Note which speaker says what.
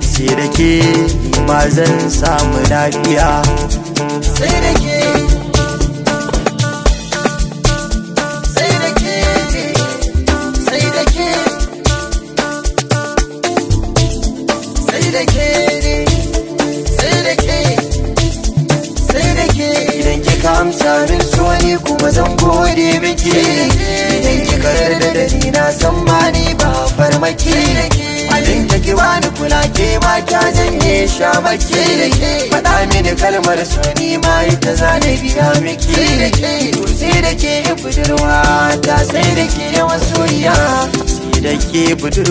Speaker 1: sai da ke ma zan samu lafiya sai
Speaker 2: da ke sai da ke
Speaker 3: sai da ke sai da ke sai da ke idan kika amsa min so ni kuma zan gode miki idan kika yarda da ni na san ma ni ba farmaki abin da ki wani ke ba ta janye sha baki da faɗa mini kalmar su ni ma ita za na biya miki sai da ke budurwa ta sai da ke
Speaker 4: yawan soyayya
Speaker 5: ke budurwa